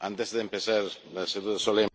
antes de empezar la saludo solemne